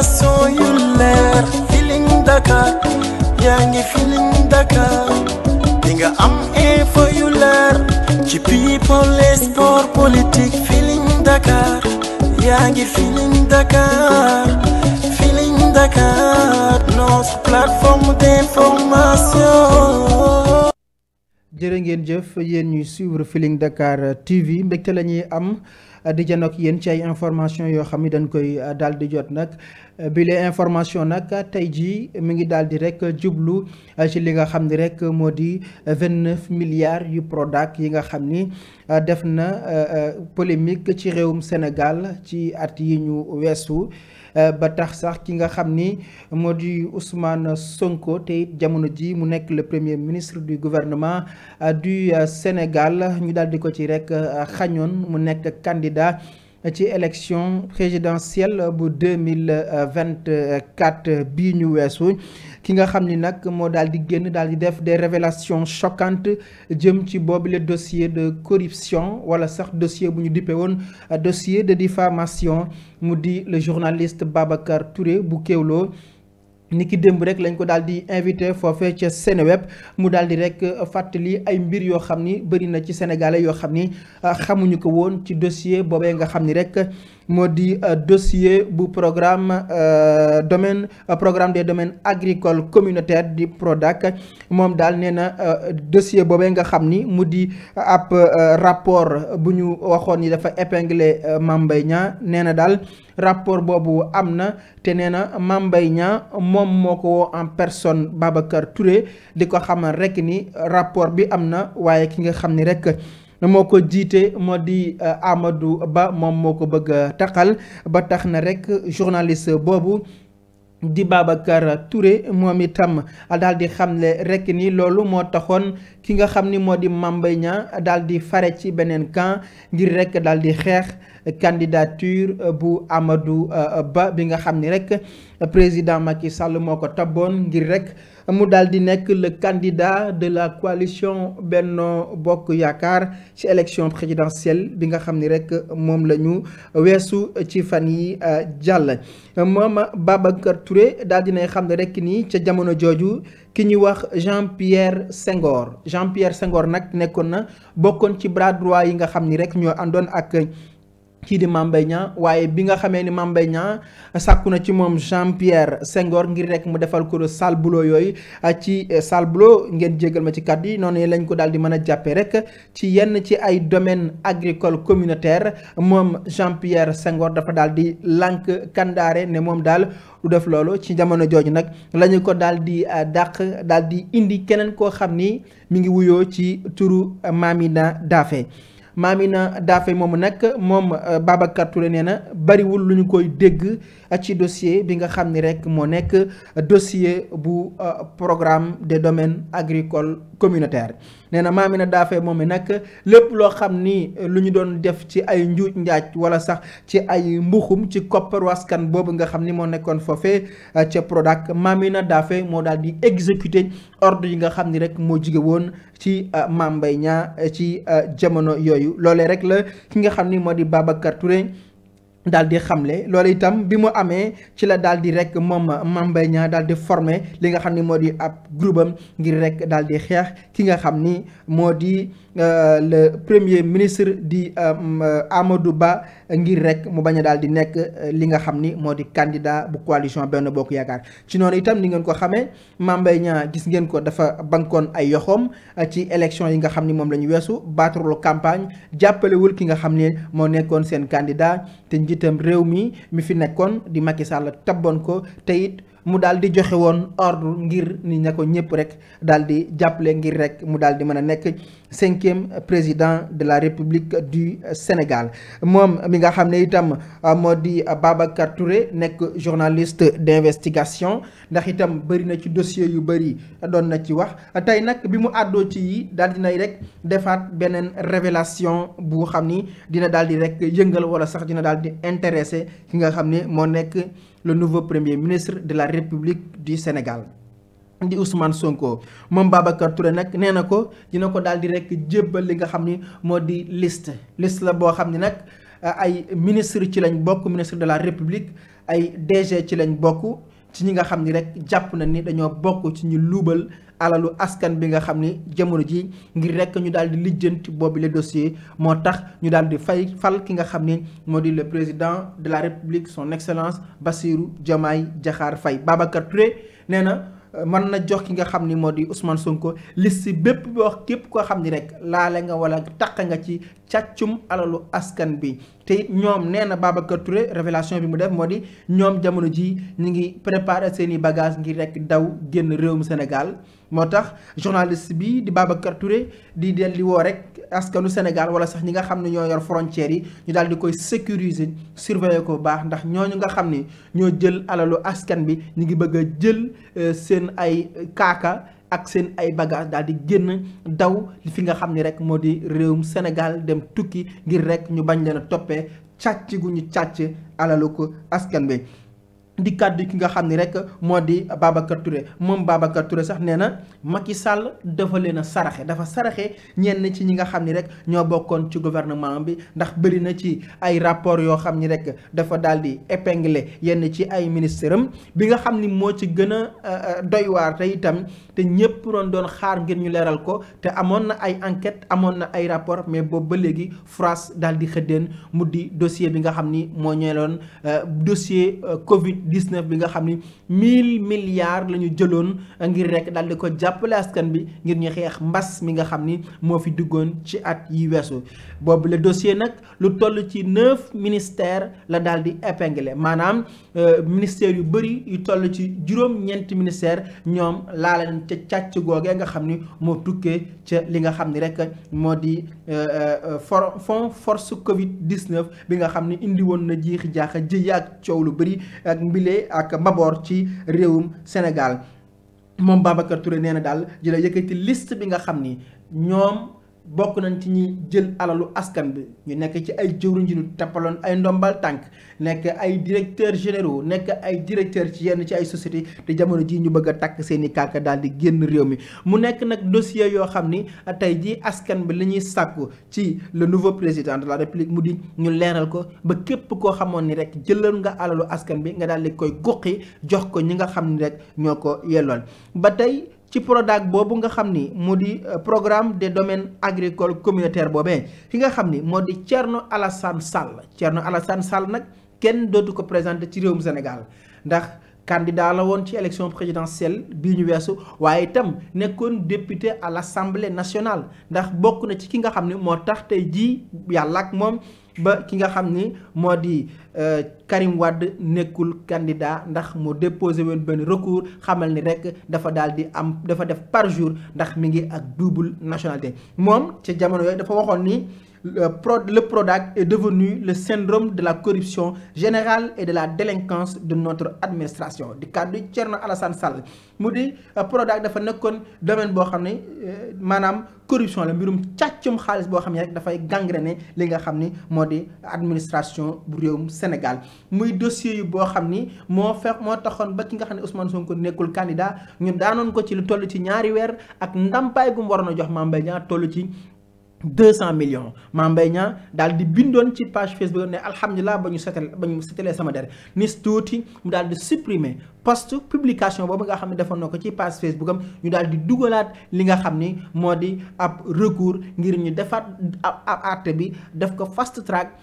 information yu am info ngeen jëf yéen ñuy suivre Feeling Dakar TV mbégte la am di janook yéen ci ay information yoo xam ni dañ koy daal di jot nag bile information nag tey jii mi ngi daal di rek jublu ci li nga xam ni rek moo di vingt-neuf milliards yu Prodac yi nga xam ni euh, def na euh, euh, polémique ci réewum senegal ci at yi ñu weesu ba tax sax ki nga xam ni moo di Ousmane Sonko te jamono ji mu nekk le premier ministre du gouvernement du Sénégal ñu daal di ko ci rek xañoon mu nekk kandidaa ci élection présidentielle bu deux mille vingt quatre bii ñu weesu ki nga xam ni nag moo daal di génn daal di def des révélations choquantes jëm ci boobu le dossier de corruption wala sax dossier bu ñu dippe woon dossier de diffamation mu di le journaliste Babacar Touré bu Kéwoulo. ni ki démb rek lañ ko daal di invité foofee ca Seneweb mu daal di rek euh, fàttali ay mbir yoo xam ni bëri na ci sénégalais yoo xam ni euh, xamuñu ko woon ci dossier boobee nga xam ni rek moo di euh, dossier bu programme euh, domaine euh, programme des domaines agricoles communautaire di PRODAC moom daal nee na dossier boobee nga xam ni mu di ab rapport bu ñu waxoon ni dafa épinglé Mame Mbaye nee na daal rapport boobu am na te nee na Mame Mbaye moom moo ko woo en personne Babacar Touré di ko xamal rek ni rapport bi am na waaye ki nga xam ni rek moo ko jiite moo di euh, Amadou Ba moom moo ko bëgg a taqal ba tax na rek journaliste boobu di Babacar Touré moom itam daal di xamle rek nii loolu moo taxoon ki nga xam ni moo di Mame Mbaye daal di fare ci beneen kan ngir rekk daal di xeex. candidature euh, bu Amadou euh, Ba bi nga xam ni rek président Macky Sall moo ko tabboon ngir rek mu daal di nekk le candidat de la coalition Benno Bokk Yaakaar ci élection présidentielle bi nga xam ni rek moom la ñu weesu ci fan yi euh, jàll moom Babacar dal di dinay xam ne rek nii ca jamono jooju ki ñuy wax Jean-Pierre Senghor Jean-Pierre Senghor nag nekkoon na bokkoon ci bras droit yi nga xam ni rek ñoo àndoon ak kii di Mame Mbaye waaye bi nga xamee ni Mame Mbaye sàkku na ci moom Jean Pierre Senghor ngir rek mu defal ko sale boulot yooyu ah, ci eh, sale boulot ngeen jégal ma ci kàddu yi noonu lañ ko daal di mën a jàppee rek ci yenn ci ay domaine agricole communautaire moom Jean Pierre Senghor dafa daal di lànk kandaare ne moom daal du def loolu ci jamono jooju nag la ko dal di ah, dàq daal di indi keneen koo xam ni mu ngi wuyoo ci turu ah, Mamina daafe Mamina Daffé moomu nag moom euh, Babacar Touré nee na bariwul lu ñu koy dégg euh, ci dossier bi nga xam ni rek moo nekk euh, dossier bu programme des domaines agricoles communautaire nee na Mamina Daffé moom i nag lépp loo xam ni eh, lu ñu doon def ci ay njuuj njaaj wala sax ci ay mbuxum ci kopparu askan boobu nga xam ni moo nekkoon foofee eh, ca Prodac na Daffé moo daal di exécuter ordre yi nga xam ni rek moo jige woon ci eh, Mame Mbaye Niang ci jamono yooyu loolee rek la ki nga xam ni moo di Babacar Touré. daal di xamle loolu itam bi mu amee ci la daal di rek moom Mame Mbaye Niang daal di formé li nga xam ni moo di ab groupe am ngir rek daal di xeex ki nga xam ni moo di Euh, le premier ministre di euh, euh, Amadou Ba ngir rek mu bañ a daal di nekk li nga xam ni moo di candidat bu coalition benn bokk yaakaar ci noonu itam ni ngeen ko xamee Mame Mbaye gis ngeen ko dafa bankoon ay yoxoom ci élection yi nga xam ni moom la ñu weesu battrelu campagne jàppalewul ki nga xam ne moo nekkoon seen candidat te njiitam réew mi mu fi nekkoon di Macky Sall tabboon ko te it mu daal di joxe woon ordre ngir ni na ko ñëpp rek daal di jàppale ngir rek mu daal di mën a nekk cinquième président de la république du Sénégal moom mi nga xam ne itam euh, moo di Babacar Touré nekk journaliste d'investigation ndax itam bëri na ci dossier yu bëri doon na ci wax tey nag bi mu àddoo ci yi di nay rek defaat beneen révélation bu xam ni dina daal di rek yëngal wala sax dina daal di intéressé ki nga xam ne moo nekk le nouveau premier ministre de la République du Sénégal di Ousmane Sonko moom Babacar Touré nag nee na ko dina ko daal di rek jébbal li nga xam ni moo di liste liste la boo xam ni nag ay ministre ci lañ bokk ministre de la République ay DG ci lañ bokk ci ñi nga xam ni rek jàpp na ni dañoo bokk ci ñu luubal alalu askan bi nga xam ni jamono ji ngir rek ñu daal di lijjanti boobu le dossier moo tax ñu daal di fay fal ki nga xam ni moo di le président de la république son excellence Bassirou Diomaye Diakhar Faye Babacar Touré nee na euh, mën na jox ki nga xam ni moo di Ousmane Sonko liste bépp boo képp koo xam ni rek laale nga wala taq nga ci càccum alalu askan bi te ñoom nee na Babacar Touré révélation bi mu def moo di ñoom jamono ji ñu ngi préparer seen i bagage ngir rek daw génn réewum Sénégal moo tax journaliste bi di Babacar Touré di del di woo rek askanu Sénégal wala sax ñi nga xam ne ñoo yor frontières yi ñu daal di koy sécuriser surveiller ko bu baax ndax ñooñu nga xam ni ñoo jël alalu askan bi ñu ngi bëgg a jël euh, seen ay euh, kaaka ak seen ay bagage daal di génn daw li fi nga xam ni rek moo di réewum Sénégal dem tukki ngir rek ñu bañ leen a toppee càcc gu ñu càcc alalu ko askan bi di kàddu ki nga xam ni rek moo di Babacar Touré moom Babacar Touré sax nee na Macky sàll dafa leen a saraxe dafa saraxe ñenn ci ñi nga xam ni rek ñoo bokkoon ci gouvernement bi ndax bëri na ci ay rapport yoo xam ni rek dafa daal di épinglé yenn ci ay ministère am bi nga xam ni moo ci gën a euh, euh, doy waar te itam te ñëpp doon doon xaar ngir ñu leeral ko te amoon na ay enquête amoon na ay rapport mais boobu ba léegi France daal di xëddeen mu di dossier bi nga xam ni moo ñeeloon euh, dossier Covid. 19 bi nga xam ni 1000 milliards la ñu jëloon ngir rek daal di ko jàppale askan bi ngir ñu xeex mbas mi nga xam ni moo fi duggoon ci at yi weesu boobu la dossier nag lu toll ci 9 ministères la daal di épinglé maanaam euh, ministères yu bëri yu toll ci juróom-ñeenti ministères ñoom laa ca càcc googee nga xam ni moo tukkee ca li nga xam ni rek moo di Euh, euh, euh, for fond force Covid 19 bi nga xam ne indi woon na jiixi jaaxa jëye ak coow lu bëri ak mbile ak mbaboor ci réewum Sénégal moom Babacar Touré nee na daal dina yëkkati liste bi nga xam ni ñoom. bokk nañ ci ñi jël alalu askan bi ñu nekk ci ay jëwriñ ji tappaloon ay ndombal tànk nekk ay directeurs généraux nekk ay directeurs ci yenn ci ay société te jamono ji ñu bëgg a takk seeni i kàkk daal di génn réew mi mu nekk nag dossier yoo xam ni tey jii askan bi li ñuy sàkku ci le nouveau président de la république mu di ñu leeral ko ba képp koo xamoon ni rek jëloon nga alalu askan bi nga daal di koy guqi jox ko ñi nga xam ni rek ñoo ko yelloon ba tey ci Prodac boobu nga xam ni moo di euh, programme de domaines agricoles communautaire boobee ki nga xam ni moo di Thierno Alassane Sall Thierno Alassane Sall nag kenn dootu ko présenté ci réewum Sénégal ndax. candidat la woon ci élection présidentielle bii ñu weesu waaye itam nekkoon député à l'Assemblée nationale ndax bokk na ci ki nga xam ne moo tax tey jii yàlla ak moom ba ki nga xam ni moo di euh, Karim Wade nekkul candidat ndax moo déposé woon benn recours xamal ni rek dafa daal di am dafa def par jour ndax mi ngi ak double nationalité moom ci jamono yooyu dafa waxoon ni. le PRODAC est devenu le syndrome de la corruption générale et de la délinquance de notre administration di kàddu Thierno Alassane Sall mu di euh, PRODAC dafa nekkoon domaine boo xam ne euh, maanaam corruption la mbirum càccum xaalis boo xam ne rek dafay gangréner li nga xam ni moo di administration bu réewum Sénégal muy dossier yu boo xam ni moo fex moo taxoon ba ki nga xam ne Ousmane Sonko nekkul candidat ñu daanoon ko ci lu toll ci ñaari weer ak ndàmpaay gu mu waroon a jox Mame Mbaye Niang toll ci deux cent millions Mame Mbaye Niang daal di bindoon ci page Facebook ne alhamdulilah ba ñu setal ba ñu setalee sama der nis tuuti mu daal di supprimer post publication boobu nga xam ne defoon ko ci page Facebook am ñu daal di dugalaat li nga xam ni moo di ab recours ngir ñu defaat ab ab bi def ko fast track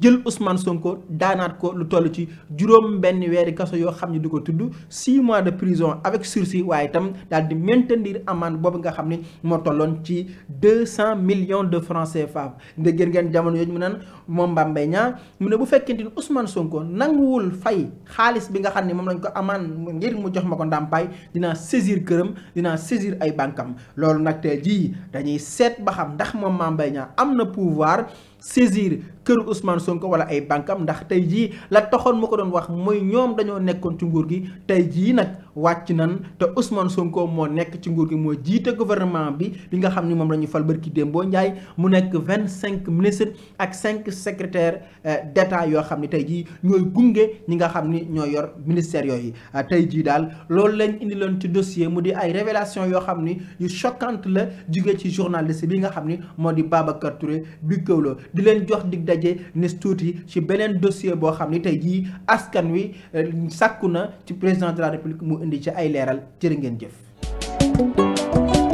jël Ousmane Sonko daanaat ko lu toll ci juróom benn weeri kaso yoo xam ne di ko tudd 6 mois de prison avec sursis waaye itam daal di maintenir amende boobu nga xam ne moo tolloon ci million millions de francs CFA dégg ngeen jamono yooyu mu naan moom Mbaye Niang mu ne bu fekkente ni Ousmane Sonko nanguwul fay xaalis bi xam ne moom lañ ko am man ngir mu jox ma ko ndàmpaay dinaa saisir këram dinaa saisir ay bànkam loolu nag tey jii dañuy seet ba xam ndax moom Mame Mbaye Niang am na pouvoir saisir këru Ousmane Sonko wala ay bànkam ndax tey jii la toxoon mu ko doon wax mooy ñoom dañoo nekkoon ci nguur gi tey jii nag wàcc nan te Ousmane Sonko moo nekk ci nguur gi moo jiite gouvernement bi bi nga xam ni moom la ñu fal barki Dembo Ndiaye mu nekk vingt cinq ministres ak cinq secrétaires euh, d'État yoo xam ni tey jii ñooy gunge ñi nga xam ni ñoo yor ministères yooyu euh, tey jii daal loolu lañ indi loon ci dossier mu di ay révélation yoo xam ni yu choquante la jugee ci journaliste bi nga xam ni moo di Babacar Touré bi këwloo di leen jox dig daje nes tuuti ci beneen dossier boo xam ni tey jii askan wi euh, sàkku na ci président de la république mu indi ci ay leeral jërë ngeen jëf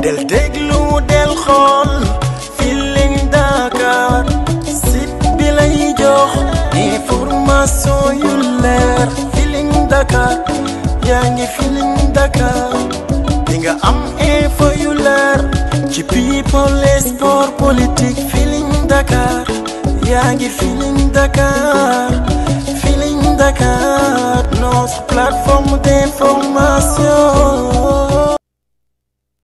del déglu del xool Feeling Dakar site bi lay jox information yu leer Feeling Dakar yaa ngi Feeling Dakar di nga am info yu leer ci people et sport politique Feeling Dakar yaa ngi Feeling Dakar Feeling Dakar notre plateforme d'information